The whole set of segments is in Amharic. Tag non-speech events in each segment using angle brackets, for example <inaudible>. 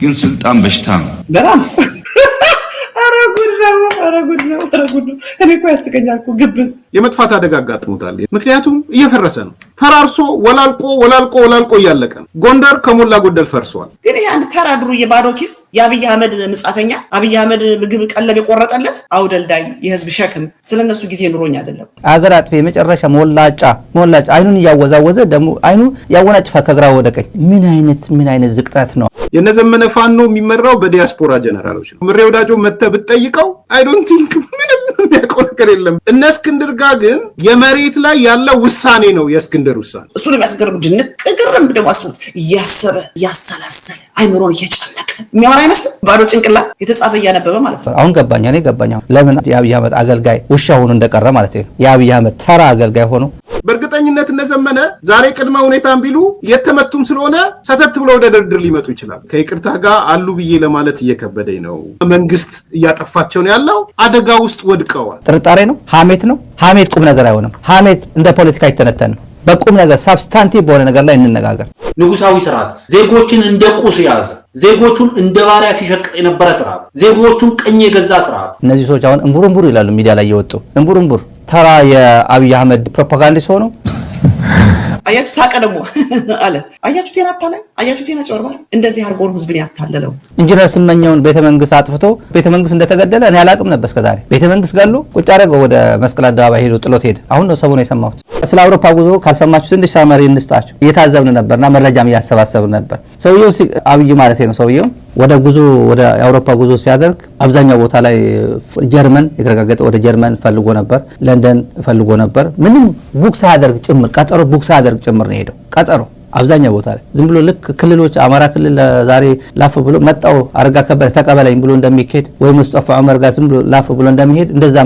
ግን ስልጣን በሽታ ነው። በጣም <laughs> ኧረ ጉድ ነው! ኧረ ጉድ ነው! ኧረ ጉድ ነው! እኔ እኮ ያስቀኛል እኮ ግብዝ የመጥፋት አደጋ አጋጥሞታል። ምክንያቱም እየፈረሰ ነው። ፈራርሶ ወላልቆ ወላልቆ ወላልቆ እያለቀ ነው። ጎንደር ከሞላ ጎደል ፈርሷል። ግን አንድ ተራ የባዶ ኪስ የአብይ አህመድ ምጻተኛ፣ አብይ አህመድ ምግብ ቀለብ የቆረጠለት አውደልዳይ፣ የህዝብ ሸክም ስለነሱ ጊዜ ኑሮኝ አይደለም። አገር አጥፊ የመጨረሻ ሞላጫ ሞላጫ አይኑን እያወዛወዘ ደግሞ አይኑ ያወናጭፋ ከግራ ወደቀኝ ምን አይነት ምን አይነት ዝቅጠት ነው! የነዘመነ ፋኖ የሚመራው በዲያስፖራ ጀነራሎች ነው። ምሬ ወዳጆ መተ ብትጠይቀው አይ ዶንት ቲንክ ምንም የሚያውቀው ነገር የለም። እነ እስክንድር ጋር ግን የመሬት ላይ ያለ ውሳኔ ነው የእስክንድር ውሳኔ። እሱ ነው የሚያስገርም። ድንቅ ግርም ደግሞ አስቡት። እያሰበ እያሰላሰለ አይምሮን እየጨነቀ የሚያወራ አይመስልም። ባዶ ጭንቅላት የተጻፈ እያነበበ ማለት ነው። አሁን ገባኝ፣ እኔ ገባኝ። ለምን የአብይ አህመድ አገልጋይ ውሻ ሆኖ እንደቀረ ማለት ነው። የአብይ አህመድ ተራ አገልጋይ ሆኖ ዘመነ ዛሬ ቅድመ ሁኔታን ቢሉ የተመቱም ስለሆነ ሰተት ብለው ወደ ድርድር ሊመጡ ይችላል። ከይቅርታ ጋር አሉ ብዬ ለማለት እየከበደኝ ነው። መንግስት እያጠፋቸው ነው ያለው አደጋ ውስጥ ወድቀዋል። ጥርጣሬ ነው፣ ሀሜት ነው። ሀሜት ቁም ነገር አይሆንም። ሀሜት እንደ ፖለቲካ አይተነተንም። በቁም ነገር ሳብስታንቲቭ በሆነ ነገር ላይ እንነጋገር። ንጉሳዊ ስርዓት ዜጎችን እንደ ቁስ የያዘ ዜጎቹን እንደ ባሪያ ሲሸቅጥ የነበረ ስርዓት ዜጎቹን ቀኝ የገዛ ስርዓት። እነዚህ ሰዎች አሁን እንቡርንቡር ይላሉ፣ ሚዲያ ላይ እየወጡ እንቡርንቡር ተራ የአብይ አህመድ ፕሮፓጋንዲስት ሆነው አያችሁ ሳቀ ደግሞ አለ። አያችሁ ቴና አታለ አያችሁ ቴና ጨርባር። እንደዚህ አርጎን ህዝብን ያታለለው ኢንጂነር ስመኘውን ቤተመንግስት አጥፍቶ ቤተመንግስት እንደተገደለ እኔ አላቅም ነበር እስከዛሬ። ቤተመንግስት ጋሉ ቁጭ አደረገው ወደ መስቀል አደባባይ ሄዶ ጥሎት ሄደ። አሁን ነው ሰሞኑን የሰማሁት። ስለ አውሮፓ ጉዞ ካልሰማችሁ ትንሽ ሳመሪ እንስጣችሁ። እየታዘብን ነበርና መረጃም እያሰባሰብን ነበር። ሰውየው አብይ ማለት ነው ሰውየው ወደ ጉዞ ወደ አውሮፓ ጉዞ ሲያደርግ አብዛኛው ቦታ ላይ ጀርመን የተረጋገጠ ወደ ጀርመን ፈልጎ ነበር፣ ለንደን ፈልጎ ነበር። ምንም ቡክ ሳያደርግ ጭምር ቀጠሮ ቡክ ሳያደርግ ጭምር ነው ሄደው ቀጠሮ አብዛኛው ቦታ ላይ ዝም ብሎ ልክ ክልሎች አማራ ክልል ዛሬ ላፍ ብሎ መጣው አረጋ ከበደ ተቀበለኝ ብሎ እንደሚሄድ ወይ ሙስጠፋ ዑመር ጋር ዝም ብሎ ላፍ ብሎ እንደሚሄድ እንደዛ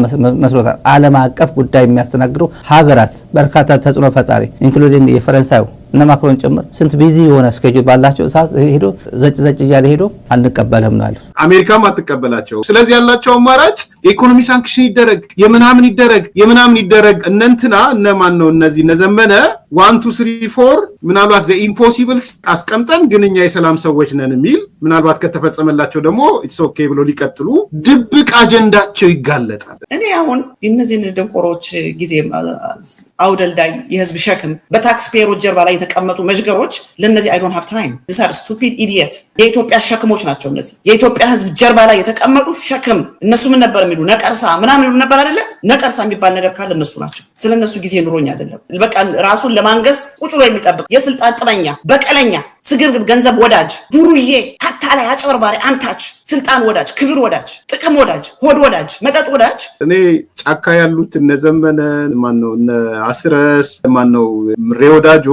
መስሎታል። ዓለም አቀፍ ጉዳይ የሚያስተናግደው ሀገራት በርካታ ተጽዕኖ ፈጣሪ ኢንክሉዲንግ የፈረንሳዩ እነ ማክሮን ጭምር ስንት ቢዚ የሆነ እስኬጁል ባላቸው ሰዓት ሄዶ ዘጭ ዘጭ እያለ ሄዶ አንቀበልም ነው ያሉ። አሜሪካም አትቀበላቸው። ስለዚህ ያላቸው አማራጭ የኢኮኖሚ ሳንክሽን ይደረግ፣ የምናምን ይደረግ፣ የምናምን ይደረግ እነንትና እነማን ነው እነዚህ እነዘመነ ዋን ቱ ስሪ ፎር ምናልባት ዘ አስቀምጠን ግን እኛ የሰላም ሰዎች ነን የሚል ምናልባት ከተፈጸመላቸው ደግሞ ኢትስ ኦኬ ብሎ ሊቀጥሉ ድብቅ አጀንዳቸው ይጋለጣል። እኔ አሁን እነዚህን ደንቆሮች ጊዜ አውደልዳይ የህዝብ ሸክም በታክስ ጀርባ ላይ የተቀመጡ መዥገሮች ለእነዚህ አይዶን ሀብ ታይም ዚሳር ስቱፒድ ኢዲየት የኢትዮጵያ ሸክሞች ናቸው። እነዚህ የኢትዮጵያ ህዝብ ጀርባ ላይ የተቀመጡ ሸክም እነሱ ምን ነበር የሚሉ ነቀርሳ ምናምን ይሉ ነበር አይደለ? ነቀርሳ የሚባል ነገር ካለ እነሱ ናቸው። ስለ እነሱ ጊዜ ኑሮኝ አይደለም በቃ ራሱን ለማንገስ ቁጭ ብሎ የሚጠብቅ የስልጣን ጥመኛ በቀለኛ ስግብግብ ገንዘብ ወዳጅ፣ ዱርዬ፣ አታላይ፣ አጭበርባሪ፣ አንታች፣ ስልጣን ወዳጅ፣ ክብር ወዳጅ፣ ጥቅም ወዳጅ፣ ሆድ ወዳጅ፣ መጠጥ ወዳጅ። እኔ ጫካ ያሉት እነ ዘመነን ማነው፣ እነ አስረስ ማነው፣ ምሬ ወዳጆ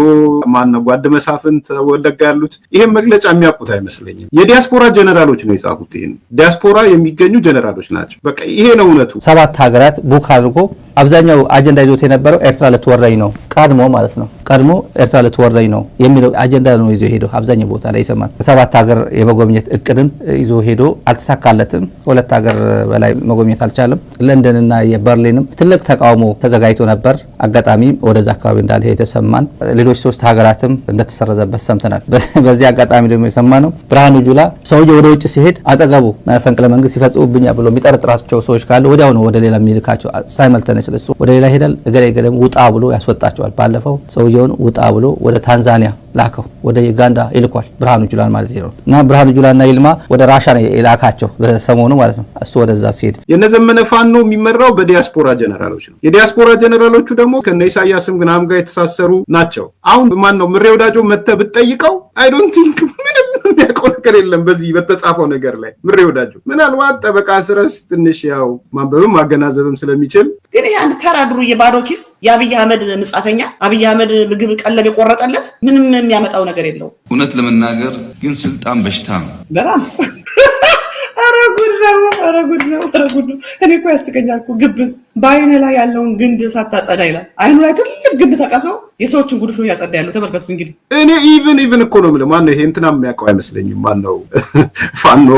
ማነው፣ ጓድ መሳፍንት ወለጋ ያሉት ይሄን መግለጫ የሚያውቁት አይመስለኝም። የዲያስፖራ ጀነራሎች ነው የጻፉት። ይህን ዲያስፖራ የሚገኙ ጀነራሎች ናቸው። በቃ ይሄ ነው እውነቱ። ሰባት ሀገራት ቡክ አድርጎ አብዛኛው አጀንዳ ይዞት የነበረው ኤርትራ ልትወረኝ ነው ቀድሞ ማለት ነው ቀድሞ ኤርትራ ልትወረኝ ነው የሚለው አጀንዳ ነው ይዞ ሄዶ አብዛኛው ቦታ ላይ ይሰማል። ሰባት ሀገር የመጎብኘት እቅድም ይዞ ሄዶ አልተሳካለትም። ሁለት ሀገር በላይ መጎብኘት አልቻለም። ለንደንና የበርሊንም ትልቅ ተቃውሞ ተዘጋጅቶ ነበር። አጋጣሚም ወደዛ አካባቢ እንዳልሄደ ሰማን። ሌሎች ሶስት ሀገራትም እንደተሰረዘበት ሰምተናል። በዚህ አጋጣሚ ደግሞ የሰማ ነው ብርሃኑ ጁላ ሰውዬ ወደ ውጭ ሲሄድ አጠገቡ መፈንቅለ መንግስት ይፈጽሙብኛ ብሎ የሚጠረጥራቸው ሰዎች ወዲያው ነው ወደ ሌላ የሚልካቸው ሳይመልተነስ ወደ ሌላ ይሄዳል። እገሌ ገሌም ውጣ ብሎ ያስወጣቸዋል። ባለፈው ሰውዬ ሰውየውን ውጣ ብሎ ወደ ታንዛኒያ ላከው፣ ወደ ዩጋንዳ ይልኳል። ብርሃኑ ጁላን ማለት ነው። እና ብርሃኑ ጁላና ይልማ ወደ ራሻ ነው የላካቸው በሰሞኑ ማለት ነው። እሱ ወደዛ ሲሄድ የነዘመነ ፋኖ የሚመራው በዲያስፖራ ጀነራሎች ነው። የዲያስፖራ ጀነራሎቹ ደግሞ ከነ ኢሳያስም ምናምን ጋር የተሳሰሩ ናቸው። አሁን ማን ነው ምሬ ወዳጆ መተህ ብትጠይቀው አይ ዶንት ቲንክ ምንም የሚያውቀው ነገር የለም በዚህ በተጻፈው ነገር ላይ ምሬ ወዳጁ ምናልባት ጠበቃ ስረስ ትንሽ ያው ማንበብም ማገናዘብም ስለሚችል ግን አንድ ተራ ዱርዬ ኪስ የአብይ አህመድ ምጻተኛ አብይ አህመድ ምግብ ቀለብ የቆረጠለት ምንም የሚያመጣው ነገር የለው እውነት ለመናገር ግን ስልጣን በሽታ ነው በጣም ኧረ ጉድ ነው! ኧረ ጉድ ነው! እኔ እኮ ያስቀኛል እኮ ግብዝ በአይን ላይ ያለውን ግንድ ሳታጸዳ ይላል። አይኑ ላይ ትልቅ ግንድ ተቀብተው የሰዎችን ጉድፍ ነው እያጸዳ ያለው። ተመልከቱት እንግዲህ እኔ ኢቭን ኢቭን እኮ ነው የምልህ። ማነው ይሄ እንትና የሚያውቀው አይመስለኝም። ማነው <laughs> ፋኖ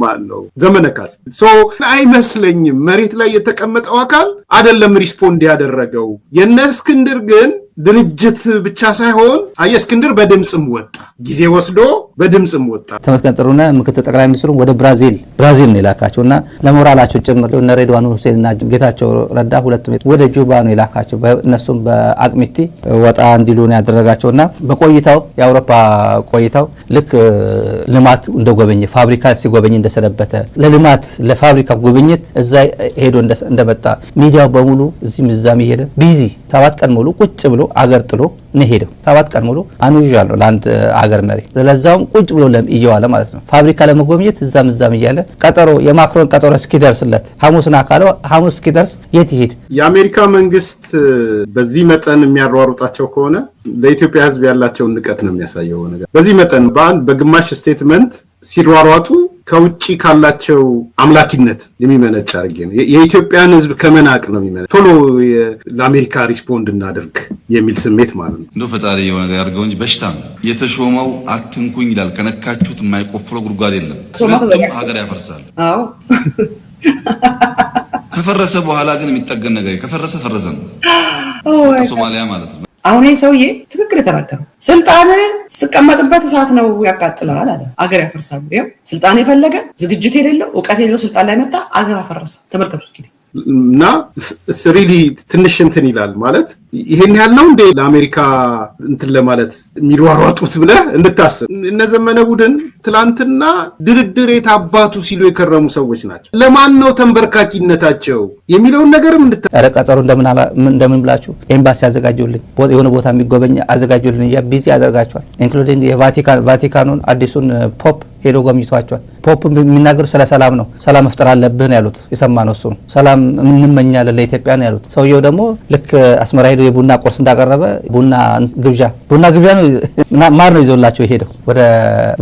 ማን ነው ዘመነ ካሴ አይመስለኝም። መሬት ላይ የተቀመጠው አካል አይደለም ሪስፖንድ ያደረገው የነ እስክንድር ግን ድርጅት ብቻ ሳይሆን አየህ እስክንድር በድምፅም ወጣ፣ ጊዜ ወስዶ በድምፅም ወጣ። ተመስገን ጥሩነህ ምክትል ጠቅላይ ሚኒስትሩ ወደ ብራዚል ብራዚል ነው የላካቸው እና ለሞራላቸው ጭምር እነ ሬድዋን ሁሴን እና ጌታቸው ረዳ ሁለቱ ወደ ጁባ ነው የላካቸው። እነሱም በአቅሚቲ ወጣ እንዲሉ ነው ያደረጋቸው እና በቆይታው የአውሮፓ ቆይታው ልክ ልማት እንደጎበኘ ፋብሪካ ሲጎበኝ እንደሰነበተ ለልማት ለፋብሪካ ጉብኝት እዛ ሄዶ እንደመጣ ሚዲያው በሙሉ እዚህም እዛም ይሄደ ቢዚ ሰባት ቀን ሙሉ ቁጭ ብሎ ብሎ አገር ጥሎ ነው ሄደው። ሰባት ቀን ሙሉ አኑዣል ነው ለአንድ አገር መሪ። ለዛውም ቁጭ ብሎ እየዋለ ማለት ነው። ፋብሪካ ለመጎብኘት እዛም እዛም እያለ ቀጠሮ የማክሮን ቀጠሮ እስኪደርስለት ሐሙስና ካለው ሐሙስ እስኪደርስ የት ይሄድ? የአሜሪካ መንግስት በዚህ መጠን የሚያሯሩጣቸው ከሆነ ለኢትዮጵያ ሕዝብ ያላቸውን ንቀት ነው የሚያሳየው ነገር በዚህ መጠን በአንድ በግማሽ ስቴትመንት ሲሯሯጡ ከውጭ ካላቸው አምላኪነት የሚመነጭ አድርጌ ነው። የኢትዮጵያን ሕዝብ ከመናቅ ነው የሚመነ ቶሎ ለአሜሪካ ሪስፖንድ እናደርግ የሚል ስሜት ማለት ነው። እንደ ፈጣሪ የሆነ ነገር ያድርገው እንጂ በሽታ ነው የተሾመው። አትንኩኝ ይላል። ከነካችሁት የማይቆፍረው ጉድጓድ የለም። ሁለቱም ሀገር ያፈርሳል። ከፈረሰ በኋላ ግን የሚጠገን ነገር ከፈረሰ ፈረሰ ነው። <gasps> oh ሶማሊያ ማለት ነው። አሁን ይህ ሰውዬ ትክክል የተናገረው ስልጣን ስትቀመጥበት እሳት ነው ያቃጥላል አለ። አገር ያፈርሳሉ። ያው ስልጣን የፈለገ ዝግጅት የሌለው እውቀት የሌለው ስልጣን ላይ መጣ፣ አገር አፈረሰ። ተመልከቱ እና ስሪሊ ትንሽ እንትን ይላል ማለት ይሄን ነው እንዴ ለአሜሪካ እንትን ለማለት የሚሯሯጡት ብለህ እንድታስብ። እነዘመነ ቡድን ትላንትና ድርድር የታባቱ ሲሉ የከረሙ ሰዎች ናቸው። ለማን ነው ተንበርካኪነታቸው የሚለውን ነገርም እንድታ ኧረ እንደምን ብላችሁ ኤምባሲ አዘጋጀልኝ የሆነ ቦታ የሚጎበኝ አዘጋጀልኝ እያ ቢዚ ያደርጋቸዋል። ኢንክሉዲንግ የቫቲካኑን አዲሱን ፖፕ ሄዶ ጎብኝቷቸዋል። ፖፕ የሚናገሩ ስለ ሰላም ነው። ሰላም መፍጠር አለብህ ነው ያሉት። የሰማነው እሱ ነው። ሰላም እንመኛለን ለኢትዮጵያ ነው ያሉት። ሰውየው ደግሞ ልክ አስመራ ሄዶ ሄዶ የቡና ቁርስ እንዳቀረበ ቡና ግብዣ ቡና ግብዣ ነው፣ <laughs> ማር ነው ይዞላቸው የሄደው ወደ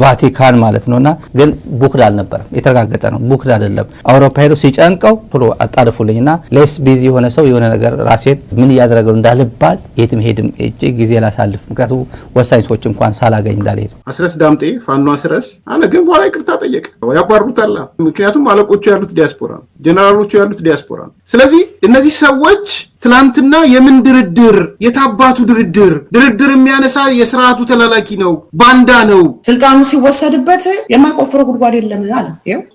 ቫቲካን ማለት ነው። እና ግን ቡክድ አልነበረም፣ የተረጋገጠ ነው። ቡክድ አይደለም። አውሮፓ ሄዶ ሲጨንቀው ቶሎ አጣልፉልኝ እና ሌስ ቢዚ የሆነ ሰው የሆነ ነገር ራሴን ምን እያደረገ እንዳልባል የትም ሄድም እጭ ጊዜ ላሳልፍ፣ ምክንያቱ ወሳኝ ሰዎች እንኳን ሳላገኝ እንዳልሄድ። አስረስ ዳምጤ ፋኖ አስረስ አለ፣ ግን በኋላ ይቅርታ ጠየቀ። ያባሩታላ፣ ምክንያቱም አለቆቹ ያሉት ዲያስፖራ ነው፣ ጀነራሎቹ ያሉት ዲያስፖራ ነው። ስለዚህ እነዚህ ሰዎች ትላንትና የምን ድርድር? የታባቱ ድርድር? ድርድር የሚያነሳ የስርዓቱ ተላላኪ ነው፣ ባንዳ ነው። ስልጣኑ ሲወሰድበት የማይቆፍረው ጉድጓድ የለም አለ።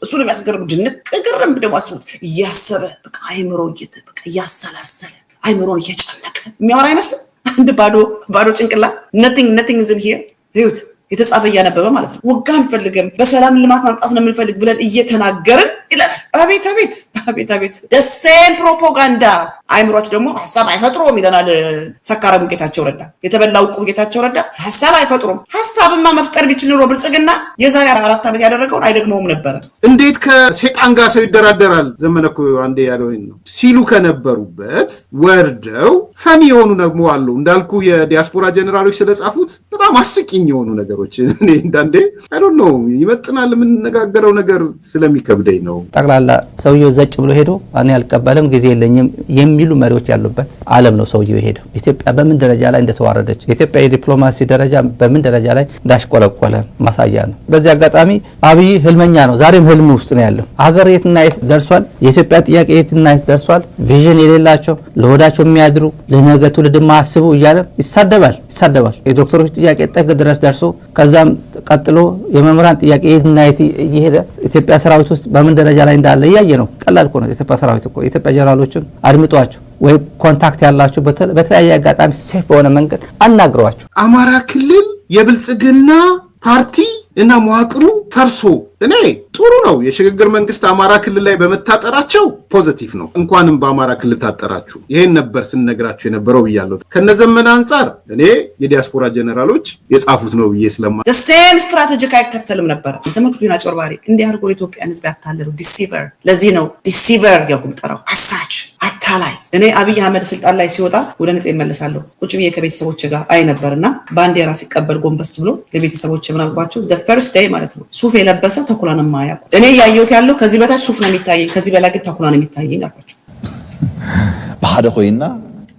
እሱ የሚያስገርም ድንቅ ግርም ደግሞ አስቡት። እያሰበ በቃ አይምሮ እያሰላሰለ አይምሮን እየጨነቀ የሚያወራ አይመስልም። አንድ ባዶ ባዶ ጭንቅላት ነቲንግ ነቲንግ ዝን ሂር ህይወት የተጻፈ እያነበበ ማለት ነው። ወጋ አንፈልግም፣ በሰላም ልማት ማምጣት ነው የምንፈልግ ብለን እየተናገርን ይለናል። አቤት አቤት አቤት አቤት ደሴን ፕሮፓጋንዳ አይምሯቸው ደግሞ ሀሳብ አይፈጥሩም ይለናል ሰካራሙ ጌታቸው ረዳ። የተበላው ዕቁብ ጌታቸው ረዳ ሀሳብ አይፈጥሩም። ሀሳብማ መፍጠር ቢችል ኑሮ ብልጽግና የዛሬ አራት ዓመት ያደረገውን አይደግመውም ነበረ። እንዴት ከሴጣን ጋር ሰው ይደራደራል? ዘመነ እኮ አንዴ ያለው ነው ሲሉ ከነበሩበት ወርደው ፈኒ የሆኑ ደግሞ አሉ። እንዳልኩ የዲያስፖራ ጀኔራሎች ስለጻፉት በጣም አስቂኝ የሆኑ ነገሮች እኔ እንዳንዴ አይዶ ነው ይመጥናል የምንነጋገረው ነገር ስለሚከብደኝ ነው። ጠቅላላ ሰውየው ዘጭ ብሎ ሄዶ እኔ አልቀበልም ጊዜ የለኝም የሚሉ መሪዎች ያሉበት አለም ነው ሰውየው የሄደው። ኢትዮጵያ በምን ደረጃ ላይ እንደተዋረደች፣ የኢትዮጵያ የዲፕሎማሲ ደረጃ በምን ደረጃ ላይ እንዳሽቆለቆለ ማሳያ ነው። በዚህ አጋጣሚ አብይ ህልመኛ ነው። ዛሬም ህልም ውስጥ ነው ያለው። ሀገር የትና የት ደርሷል? የኢትዮጵያ ጥያቄ የትና የት ደርሷል? ቪዥን የሌላቸው ለወዳቸው የሚያድሩ ለነገ ትውልድ ማስቡ እያለ ይሳደባል ይሳደባል። የዶክተሮች ጥያቄ ጥግ ድረስ ደርሶ ከዛም ቀጥሎ የመምህራን ጥያቄ የትና የት እየሄደ ኢትዮጵያ ሰራዊት ውስጥ በምን ደረጃ ላይ እንዳለ እያየ ነው። ቀላል እኮ ነው። ኢትዮጵያ ሰራዊት እኮ የኢትዮጵያ ጀነራሎችን አድምጠዋል ወይ ኮንታክት ያላችሁ በተለያየ አጋጣሚ ሴፍ በሆነ መንገድ አናግሯቸው። አማራ ክልል የብልጽግና ፓርቲ እና መዋቅሩ ፈርሶ እኔ ጥሩ ነው። የሽግግር መንግስት አማራ ክልል ላይ በመታጠራቸው ፖዘቲቭ ነው። እንኳንም በአማራ ክልል ታጠራችሁ። ይሄን ነበር ስንነግራችሁ የነበረው ብያለሁ። ከነዘመን አንጻር እኔ የዲያስፖራ ጀነራሎች የጻፉት ነው ብዬ ስለማ ሴም ስትራቴጂክ አይከተልም ነበር። ተመክዱና ጮርባሪ እንዲህ አድርጎ ኢትዮጵያን ህዝብ ያታለሉ ዲሲቨር። ለዚህ ነው ዲሲቨር የጉምጠራው አሳች አታላይ እኔ አብይ አህመድ ስልጣን ላይ ሲወጣ ወደ ነጥ ይመለሳለሁ ቁጭ ብዬ ከቤተሰቦች ጋር አይ ነበር እና ባንዲራ ሲቀበል ጎንበስ ብሎ ለቤተሰቦች ምናልኳቸው ፈርስት ዳይ ማለት ነው። ሱፍ የለበሰ ተኩላን ማያቁ እኔ እያየሁት ያለው ከዚህ በታች ሱፍ ነው የሚታየኝ፣ ከዚህ በላይ ግን ተኩላ ነው የሚታየኝ አልኳቸው። በሓደ ኮይና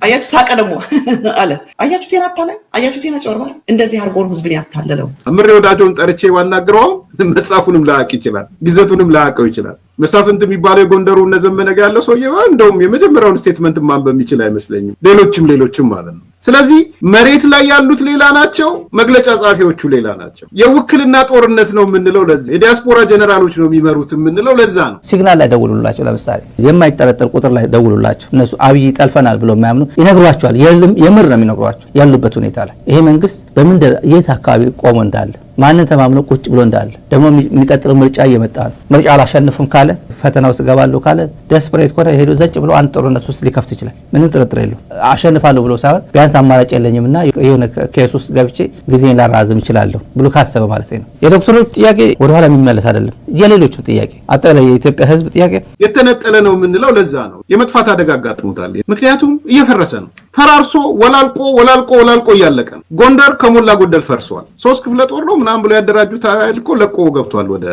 አያችሁ ሳቀ ደግሞ <laughs> አለ። አያችሁ ቴና አታላይ፣ አያችሁ ቴና ጨርባር። እንደዚህ አርጎን ህዝብን ያታለለው ምሬ ወዳጆን ጠርቼ ዋናግረው መጽሐፉንም ላያቅ ይችላል፣ ጊዜቱንም ላያቀው ይችላል። መሳፍንት የሚባለው የጎንደሩ እነ ዘመነ ጋ ያለው ሰውዬ እንደውም የመጀመሪያውን ስቴትመንት ማንበብ የሚችል አይመስለኝም። ሌሎችም ሌሎችም ማለት ነው። ስለዚህ መሬት ላይ ያሉት ሌላ ናቸው፣ መግለጫ ጸሐፊዎቹ ሌላ ናቸው። የውክልና ጦርነት ነው የምንለው ለዛ የዲያስፖራ ጀነራሎች ነው የሚመሩት የምንለው ለዛ ነው። ሲግናል ላይ ደውሉላቸው፣ ለምሳሌ የማይጠረጠር ቁጥር ላይ ደውሉላቸው። እነሱ አብይ ጠልፈናል ብለው የማያምኑ ይነግሯቸዋል። የምር ነው የሚነግሯቸው ያሉበት ሁኔታ ላይ ይሄ መንግስት በምን የት አካባቢ ቆሞ እንዳለ ማንን ተማምኖ ቁጭ ብሎ እንዳለ ደግሞ የሚቀጥለው ምርጫ እየመጣ ነው። ምርጫ አላሸንፉም ካለ ፈተና ውስጥ ገባለሁ ካለ ደስፕሬት ከሆነ ሄዶ ዘጭ ብሎ አንድ ጦርነት ውስጥ ሊከፍት ይችላል። ምንም ጥርጥር የለው። አሸንፋለሁ ብሎ ሳይሆን ቢያንስ አማራጭ የለኝም እና የሆነ ኬስ ውስጥ ገብቼ ጊዜን ላራዝም ይችላለሁ ብሎ ካሰበ ማለት ነው። የዶክተሮች ጥያቄ ወደኋላ የሚመለስ አይደለም። የሌሎችም ጥያቄ፣ አጠቃላይ የኢትዮጵያ ሕዝብ ጥያቄ የተነጠለ ነው የምንለው ለዛ ነው። የመጥፋት አደጋ አጋጥሞታል። ምክንያቱም እየፈረሰ ነው። ፈራርሶ ወላልቆ ወላልቆ ወላልቆ እያለቀ ነው። ጎንደር ከሞላ ጎደል ፈርሷል። ሶስት ክፍለ ጦር ነው ምናምን ብሎ ያደራጁት ኃይል እኮ ለቆ ገብቷል ወደ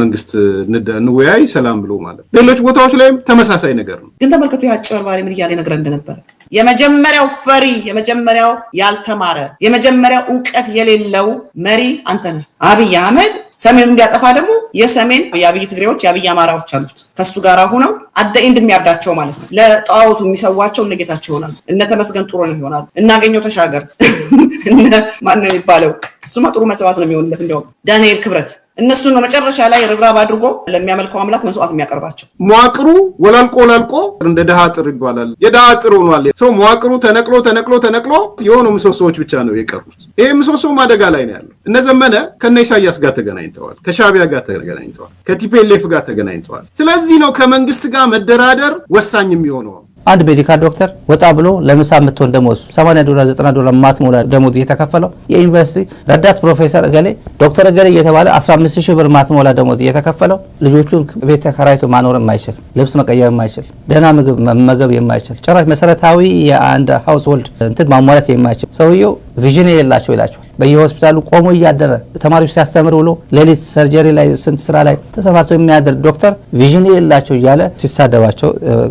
መንግስት እንወያይ ሰላም ብሎ ማለት። ሌሎች ቦታዎች ላይም ተመሳሳይ ነገር ነው። ግን ተመልከቱ፣ የአጭበርባሪ ምን እያለ ይነግረን እንደነበረ የመጀመሪያው ፈሪ፣ የመጀመሪያው ያልተማረ፣ የመጀመሪያው እውቀት የሌለው መሪ አንተ ነህ። አብይ አህመድ ሰሜኑ እንዲያጠፋ ደግሞ የሰሜን የአብይ ትግሬዎች የአብይ አማራዎች አሉት ከሱ ጋር ሆነው አደ ኤንድ የሚያርዳቸው ማለት ነው። ለጣዋወቱ የሚሰዋቸው እነጌታቸው ጌታቸው ይሆናሉ፣ እነ ተመስገን ጥሩነህ ይሆናሉ፣ እናገኘው ተሻገር፣ <laughs> እነ ማነው የሚባለው እሱማ ጥሩ መስዋዕት ነው የሚሆንለት። እንዲያውም ዳንኤል ክብረት እነሱ ነው መጨረሻ ላይ ርብራብ አድርጎ ለሚያመልከው አምላክ መስዋዕት የሚያቀርባቸው። መዋቅሩ ወላልቆ ወላልቆ እንደ ድሃ ጥር ይባላል። የድሃ ጥር ሆኗል። ሰው መዋቅሩ ተነቅሎ ተነቅሎ ተነቅሎ የሆኑ ምሰሶዎች ብቻ ነው የቀሩት። ይሄ ምሰሶም አደጋ ላይ ነው ያለው። እነ ዘመነ ከነ ኢሳያስ ጋር ተገናኝተዋል፣ ከሻቢያ ጋር ተገናኝተዋል፣ ከቲፒኤልኤፍ ጋር ተገናኝተዋል። ስለዚህ ነው ከመንግስት ጋር መደራደር ወሳኝ የሚሆነው። አንድ ሜዲካል ዶክተር ወጣ ብሎ ለምሳ የምትሆን ደሞዝ 80 ዶላር 90 ዶላር ማትሞላ ደሞዝ እየተከፈለው የዩኒቨርሲቲ ረዳት ፕሮፌሰር እገሌ ዶክተር እገሌ እየተባለ 15 ሺህ ብር ማትሞላ ደሞዝ እየተከፈለው ልጆቹን ቤት ተከራይቶ ማኖር የማይችል ልብስ መቀየር የማይችል ደህና ምግብ መመገብ የማይችል ጭራሽ መሰረታዊ የአንድ ሀውስ ሆልድ እንትን ማሟላት የማይችል ሰውየው ቪዥን የሌላቸው ይላቸዋል። በየሆስፒታሉ ቆሞ እያደረ ተማሪዎች ሲያስተምር ብሎ ሌሊት ሰርጀሪ ላይ ስንት ስራ ላይ ተሰማርቶ የሚያደር ዶክተር ቪዥን የሌላቸው እያለ ሲሳደባቸው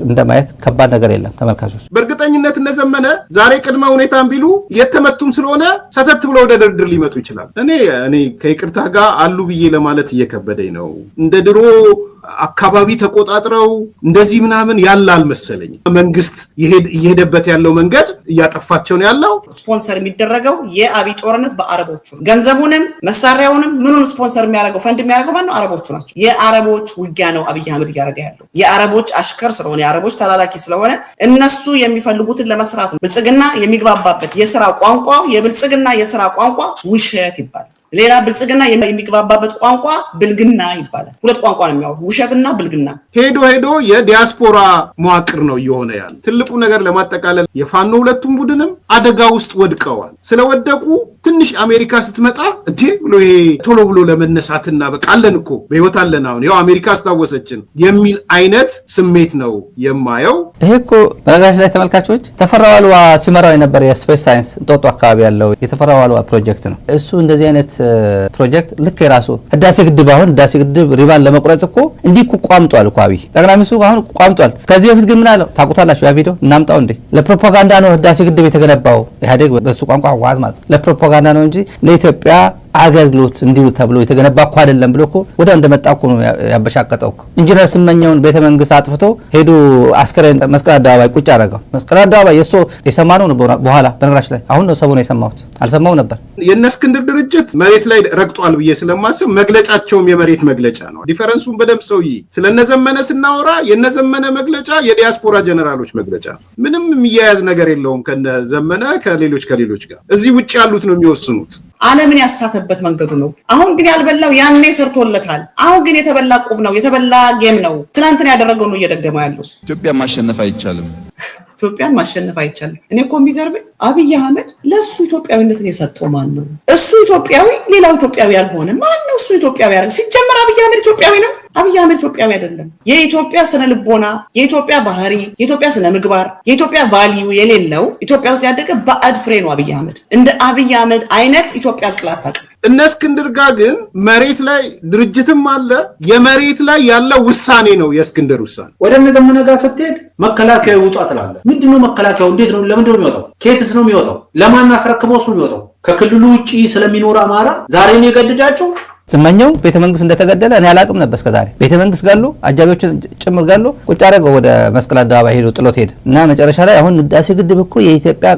እንደማየት ከባድ ነገር የለም። ተመልካቾች በእርግጠኝነት እነዘመነ ዛሬ ቅድመ ሁኔታን ቢሉ የተመቱም ስለሆነ ሰተት ብሎ ወደ ድርድር ሊመጡ ይችላል። እኔ እኔ ከይቅርታ ጋር አሉ ብዬ ለማለት እየከበደኝ ነው እንደ ድሮ አካባቢ ተቆጣጥረው እንደዚህ ምናምን ያለ አልመሰለኝም። መንግስት እየሄደበት ያለው መንገድ እያጠፋቸው ነው ያለው። ስፖንሰር የሚደረገው የአብይ ጦርነት በአረቦቹ ነው። ገንዘቡንም መሳሪያውንም ምኑን ስፖንሰር የሚያደርገው ፈንድ የሚያደርገው ማነው? አረቦቹ ናቸው። የአረቦች ውጊያ ነው አብይ አህመድ እያደረገ ያለው። የአረቦች አሽከር ስለሆነ የአረቦች ተላላኪ ስለሆነ እነሱ የሚፈልጉትን ለመስራት ነው። ብልጽግና የሚግባባበት የስራ ቋንቋ የብልጽግና የስራ ቋንቋ ውሸት ይባላል። ሌላ ብልጽግና የሚግባባበት ቋንቋ ብልግና ይባላል። ሁለት ቋንቋ ነው የሚያወሩ፣ ውሸትና ብልግና። ሄዶ ሄዶ የዲያስፖራ መዋቅር ነው እየሆነ ያለ። ትልቁ ነገር ለማጠቃለል የፋኖ ሁለቱም ቡድንም አደጋ ውስጥ ወድቀዋል። ስለወደቁ ትንሽ አሜሪካ ስትመጣ እንዴ ብሎ ይሄ ቶሎ ብሎ ለመነሳትና በቃ አለን እኮ በህይወት አለን አሁን ያው አሜሪካ አስታወሰችን የሚል አይነት ስሜት ነው የማየው። ይሄ እኮ በነገራችን ላይ ተመልካቾች ተፈራ ዋልዋ ሲመራው የነበረ የስፔስ ሳይንስ እንጦጦ አካባቢ ያለው የተፈራ ዋልዋ ፕሮጀክት ነው። እሱ እንደዚህ አይነት ፕሮጀክት ልክ የራሱ ህዳሴ ግድብ አሁን ህዳሴ ግድብ ሪባን ለመቁረጥ እኮ እንዲህ እኮ ቋምጧል እኮ አብይ ጠቅላይ ሚኒስትሩ አሁን ቋምጧል። ከዚህ በፊት ግን ምን አለው ታውቁታላችሁ። ያ ቪዲዮ እናምጣው እንዴ ለፕሮፓጋንዳ ነው ህዳሴ ግድብ የተገነባው ኢህአዴግ በሱ ቋንቋ ዋዝ ማለት ለፕሮፓጋንዳ ፕሮፓጋንዳ ነው እንጂ ለኢትዮጵያ አገልግሎት እንዲሉ ተብሎ የተገነባ እኮ አይደለም ብሎ እኮ ወደ እንደመጣ እኮ ነው ያበሻቀጠው እኮ። ኢንጂነር ስመኘውን ቤተ መንግስት አጥፍቶ ሄዶ አስከሬን መስቀል አደባባይ ቁጭ አደረገው። መስቀል አደባባይ የእሱ የሰማ ነው። በኋላ በነገራች ላይ አሁን ነው ሰሞኑን የሰማሁት፣ አልሰማው ነበር። የእነ እስክንድር ድርጅት መሬት ላይ ረግጧል ብዬ ስለማስብ መግለጫቸውም የመሬት መግለጫ ነው። ዲፈረንሱን በደምብ ሰውዬ ስለነዘመነ ስናወራ የነዘመነ መግለጫ የዲያስፖራ ጀነራሎች መግለጫ ነው። ምንም የሚያያዝ ነገር የለውም ከነዘመነ ከሌሎች ከሌሎች ጋር እዚህ ውጭ ያሉት ነው የሚወስኑት። ዓለምን ያሳተበት መንገዱ ነው። አሁን ግን ያልበላው ያኔ ሰርቶለታል። አሁን ግን የተበላ ቁብ ነው፣ የተበላ ጌም ነው። ትናንትን ያደረገው ነው እየደገመው ያለው። ኢትዮጵያ ማሸነፍ አይቻልም። ኢትዮጵያን ማሸነፍ አይቻልም። እኔ እኮ የሚገርመኝ አብይ አህመድ ለእሱ ኢትዮጵያዊነትን የሰጠው ማን ነው? እሱ ኢትዮጵያዊ ሌላው ኢትዮጵያዊ ያልሆነ ማን ነው? እሱ ኢትዮጵያዊ ያደረገ ሲጀመር አብይ አህመድ ኢትዮጵያዊ ነው? አብይ አህመድ ኢትዮጵያዊ አይደለም። የኢትዮጵያ ስነ ልቦና፣ የኢትዮጵያ ባህሪ፣ የኢትዮጵያ ስነ ምግባር፣ የኢትዮጵያ ቫሊዩ የሌለው ኢትዮጵያ ውስጥ ያደገ ባዕድ ፍሬ ነው አብይ አህመድ። እንደ አብይ አህመድ አይነት ኢትዮጵያ ቅላት እነ እስክንድር ጋ ግን መሬት ላይ ድርጅትም አለ። የመሬት ላይ ያለ ውሳኔ ነው የእስክንድር ውሳኔ። ወደ እነ ዘመነ ጋር ስትሄድ መከላከያ ይውጣ ትላለህ። ነው መከላከያው? እንዴት ነው? ለምንድን ነው የሚወጣው? ኬትስ ነው የሚወጣው? ለማን አስረክበውስ ነው የሚወጣው? ከክልሉ ውጭ ስለሚኖር አማራ ዛሬ ነው የገድዳቸው ስመኘው ቤተ መንግስት እንደተገደለ እኔ አላቅም ነበር እስከዛሬ። ቤተ መንግስት ጋሉ አጃቢዎችን ጭምር ጋሉ ቁጭ አደረገው ወደ መስቀል አደባባይ ሄዶ ጥሎት ሄደ እና መጨረሻ ላይ አሁን ህዳሴ ግድብ እኮ የኢትዮጵያ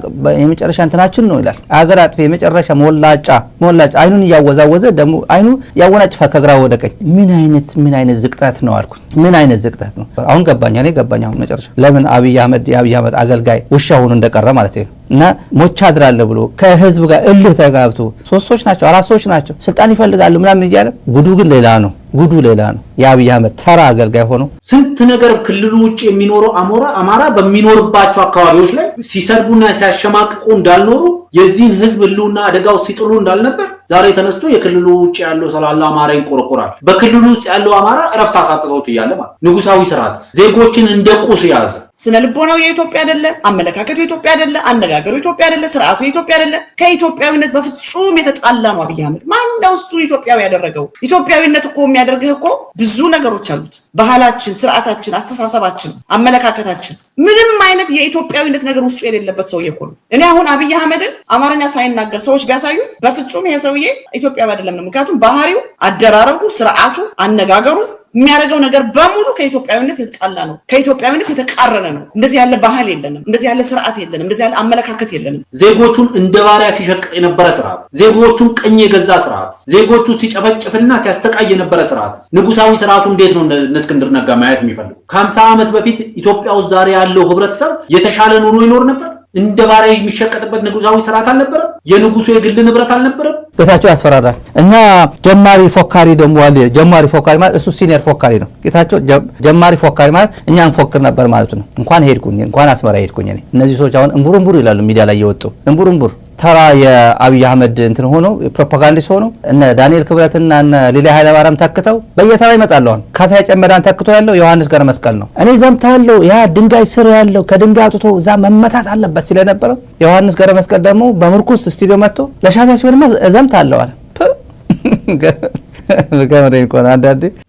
የመጨረሻ እንትናችን ነው ይላል። አገር አጥፊ የመጨረሻ ሞላጫ ሞላጫ አይኑን እያወዛወዘ ደግሞ አይኑ ያወናጭፋ ከግራ ወደ ቀኝ። ምን አይነት ምን አይነት ዝቅጠት ነው አልኩ። ምን አይነት ዝቅጠት ነው አሁን ገባኝ፣ እኔ ገባኝ አሁን መጨረሻ ለምን አብይ አህመድ የአብይ አህመድ አገልጋይ ውሻ ሆኖ እንደቀረ ማለት ነው እና ሞቻ አድራለ ብሎ ከህዝብ ጋር እልህ ተጋብቶ ሶስት ሰዎች ናቸው አራት ሰዎች ናቸው ስልጣን ይፈልጋሉ ምና ምናምን እያለ ጉዱ ግን ሌላ ነው። ጉዱ ሌላ ነው። የአብይ አህመድ ተራ አገልጋይ ሆኖ ስንት ነገር ክልሉ ውጭ የሚኖረው አሞራ አማራ በሚኖርባቸው አካባቢዎች ላይ ሲሰርቡና ሲያሸማቅቁ እንዳልኖሩ የዚህን ህዝብ ህልውና አደጋው ሲጥሉ እንዳልነበር ዛሬ ተነስቶ የክልሉ ውጭ ያለው ስላለ አማራ ይንቆረቆራል። በክልሉ ውስጥ ያለው አማራ እረፍት አሳጥቶት እያለ ማለት ንጉሳዊ ስርዓት ዜጎችን እንደ ቁስ ያዘ ስነ ልቦናው የኢትዮጵያ አይደለ፣ አመለካከቱ የኢትዮጵያ አይደለ፣ አነጋገሩ የኢትዮጵያ አይደለ፣ ስርዓቱ የኢትዮጵያ አይደለ። ከኢትዮጵያዊነት በፍጹም የተጣላ ነው አብይ አህመድ። ነው እሱ ኢትዮጵያዊ ያደረገው? ኢትዮጵያዊነት እኮ የሚያደርግህ እኮ ብዙ ነገሮች አሉት። ባህላችን፣ ስርዓታችን፣ አስተሳሰባችን፣ አመለካከታችን ምንም አይነት የኢትዮጵያዊነት ነገር ውስጡ የሌለበት ሰውዬ እኮ ነው። እኔ አሁን አብይ አህመድን አማርኛ ሳይናገር ሰዎች ቢያሳዩ በፍጹም ይሄ ሰውዬ ኢትዮጵያዊ አይደለም ነው። ምክንያቱም ባህሪው፣ አደራረጉ፣ ስርዓቱ፣ አነጋገሩ የሚያደርገው ነገር በሙሉ ከኢትዮጵያዊነት የተጣላ ነው። ከኢትዮጵያዊነት የተቃረነ ነው። እንደዚህ ያለ ባህል የለንም። እንደዚህ ያለ ስርዓት የለንም። እንደዚህ ያለ አመለካከት የለንም። ዜጎቹን እንደ ባሪያ ሲሸቅጥ የነበረ ስርዓት፣ ዜጎቹን ቅኝ የገዛ ስርዓት፣ ዜጎቹ ሲጨፈጭፍና ሲያሰቃይ የነበረ ስርዓት፣ ንጉሳዊ ስርዓቱ እንዴት ነው እነ እስክንድር ነጋ ማየት የሚፈልጉ ከሀምሳ ዓመት በፊት ኢትዮጵያ ውስጥ ዛሬ ያለው ህብረተሰብ የተሻለ ኑሮ ይኖር ነበር? እንደ ባሪያ የሚሸቀጥበት ንጉሳዊ ስርዓት አልነበረም። የንጉሱ የግል ንብረት አልነበረም። ጌታቸው ያስፈራራል እና ጀማሪ ፎካሪ ደሞ አለ። ጀማሪ ፎካሪ ማለት እሱ ሲኒየር ፎካሪ ነው። ጌታቸው ጀማሪ ፎካሪ ማለት እኛ እንፎክር ነበር ማለት ነው። እንኳን ሄድኩኝ፣ እንኳን አስመራ ሄድኩኝ። እነዚህ ሰዎች አሁን እምቡር እምቡር ይላሉ ሚዲያ ላይ የወጡ እምቡር እምቡር ተራ የአብይ አህመድ እንትን ሆኖ ፕሮፓጋንዲስት ሆኖ እነ ዳንኤል ክብረትና እነ ሌላ ኃይለማርያም ተክተው በየተራ ይመጣሉ። አሁን ካሳ ጨመዳን ተክቶ ያለው ዮሐንስ ገብረ መስቀል ነው። እኔ ዘምታለሁ ያ ድንጋይ ስር ያለው ከድንጋይ አውጥቶ እዛ መመታት አለበት ስለነበረ ዮሐንስ ገብረ መስቀል ደግሞ በምርኩስ ስቱዲዮ መጥቶ ለሻቢያ ሲሆንማ ዘምታለው አለ <laughs>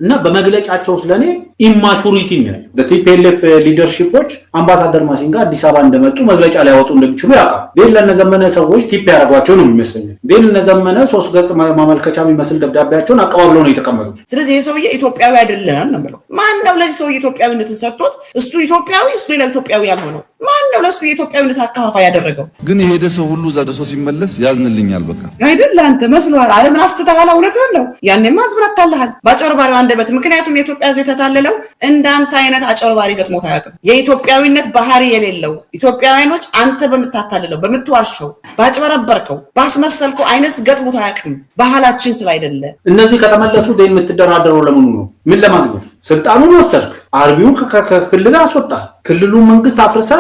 እና በመግለጫቸው ስለእኔ ኢማቹሪቲ ነው። በቲፒኤልኤፍ ሊደርሺፖች አምባሳደር ማሲንጋ አዲስ አበባ እንደመጡ መግለጫ ሊያወጡ እንደሚችሉ ያውቃል። ቤለነ ለነዘመነ ሰዎች ቲፒ ያደርጓቸው ነው የሚመስለኛል። ቤለነ ለነዘመነ ሶስት ገጽ ማመልከቻ የሚመስል ደብዳቤያቸውን አቀባብለው ነው የተቀመጡት። ስለዚህ ይህ ሰውዬ ኢትዮጵያዊ አይደለም ነው ብለው ማን ነው ለዚህ ሰውዬ ኢትዮጵያዊነትን ሰጥቶት እሱ ኢትዮጵያዊ እሱ ሌላ ኢትዮጵያዊ ያልሆነው ማን ነው ለእሱ የኢትዮጵያዊነት አካፋፋ ያደረገው? ግን የሄደ ሰው ሁሉ እዛ ደርሶ ሲመለስ ያዝንልኛል በቃ አይደል ለአንተ መስሏል። አለምን አስተሃላ እውነትህን ነው። ያኔማ ህዝብን አታልሃል በአጭበርባሪው አንደበት። ምክንያቱም የኢትዮጵያ ህዝብ የተታለለ የምለው እንዳንተ አይነት አጭበርባሪ ገጥሞት አያውቅም። የኢትዮጵያዊነት ባህሪ የሌለው ኢትዮጵያውያኖች አንተ በምታታልለው በምትዋሸው፣ ባጭበረበርከው፣ ባስመሰልከው አይነት ገጥሞት አያውቅም። ባህላችን ስላይደለ እነዚህ ከተመለሱ የምትደራደረው ለምኑ ነው? ምን ለማግኘት? ስልጣኑን ወሰድክ፣ አርቢው ከክልል አስወጣ፣ ክልሉ መንግስት አፍርሰ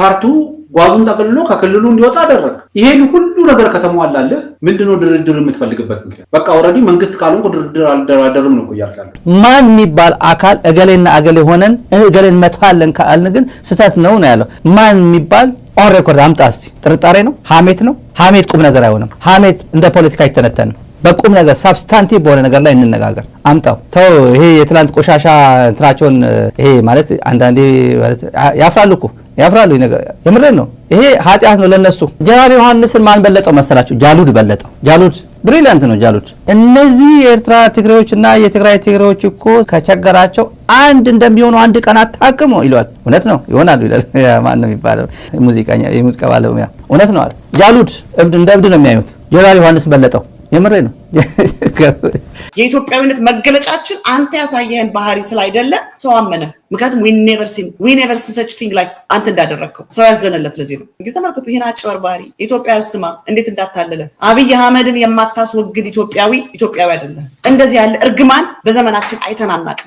ፓርቲው ጓዙን ጠቅልሎ ከክልሉ እንዲወጣ አደረግ። ይሄን ሁሉ ነገር ከተሟላለህ ምንድነው ድርድር የምትፈልግበት ምክንያት? በቃ ኦልሬዲ መንግስት ካልሆንኩ ድርድር አልደራደርም ነው እያልክ ማን የሚባል አካል እገሌና እገሌ ሆነን እገሌን መትሃለን ካልን ግን ስህተት ነው ነው ያለው። ማን የሚባል ኦን ሬኮርድ አምጣ እስቲ። ጥርጣሬ ነው፣ ሀሜት ነው። ሀሜት ቁም ነገር አይሆንም። ሀሜት እንደ ፖለቲካ አይተነተንም። በቁም ነገር ሳብስታንቲቭ በሆነ ነገር ላይ እንነጋገር። አምጣው ተው። ይሄ የትላንት ቆሻሻ እንትናቸውን ይሄ ማለት አንዳንዴ ያፍራሉ እኮ ያፍራሉ። የምሬን ነው። ይሄ ኃጢአት ነው ለነሱ። ጀነራል ዮሐንስን ማን በለጠው መሰላችሁ? ጃሉድ በለጠው። ጃሉድ ብሪሊያንት ነው ጃሉድ። እነዚህ የኤርትራ ትግሬዎችና የትግራይ ትግሬዎች እኮ ከቸገራቸው አንድ እንደሚሆኑ አንድ ቀን አታቅሞ ይሏል። እውነት ነው ይሆናሉ ይላል። ማን ነው የሚባለው ሙዚቃ የሙዚቃ ባለሙያ እውነት ነው አለ ጃሉድ። እንደ እብድ ነው የሚያዩት። ጀነራል ዮሐንስ በለጠው የምሬ ነው። የኢትዮጵያዊነት መገለጫችን አንተ ያሳየህን ባህሪ ስላይደለ ሰው አመነ። ምክንያቱም ዊኔቨር ሲን ሰች ቲንግ ላይ አንተ እንዳደረግከው ሰው ያዘነለት። ለዚህ ነው እንግዲህ ተመልከቱ፣ ይህን አጭበር ባህሪ ኢትዮጵያ ስማ እንዴት እንዳታለለ። አብይ አህመድን የማታስወግድ ኢትዮጵያዊ ኢትዮጵያዊ አይደለም። እንደዚህ ያለ እርግማን በዘመናችን አይተን አናውቅም።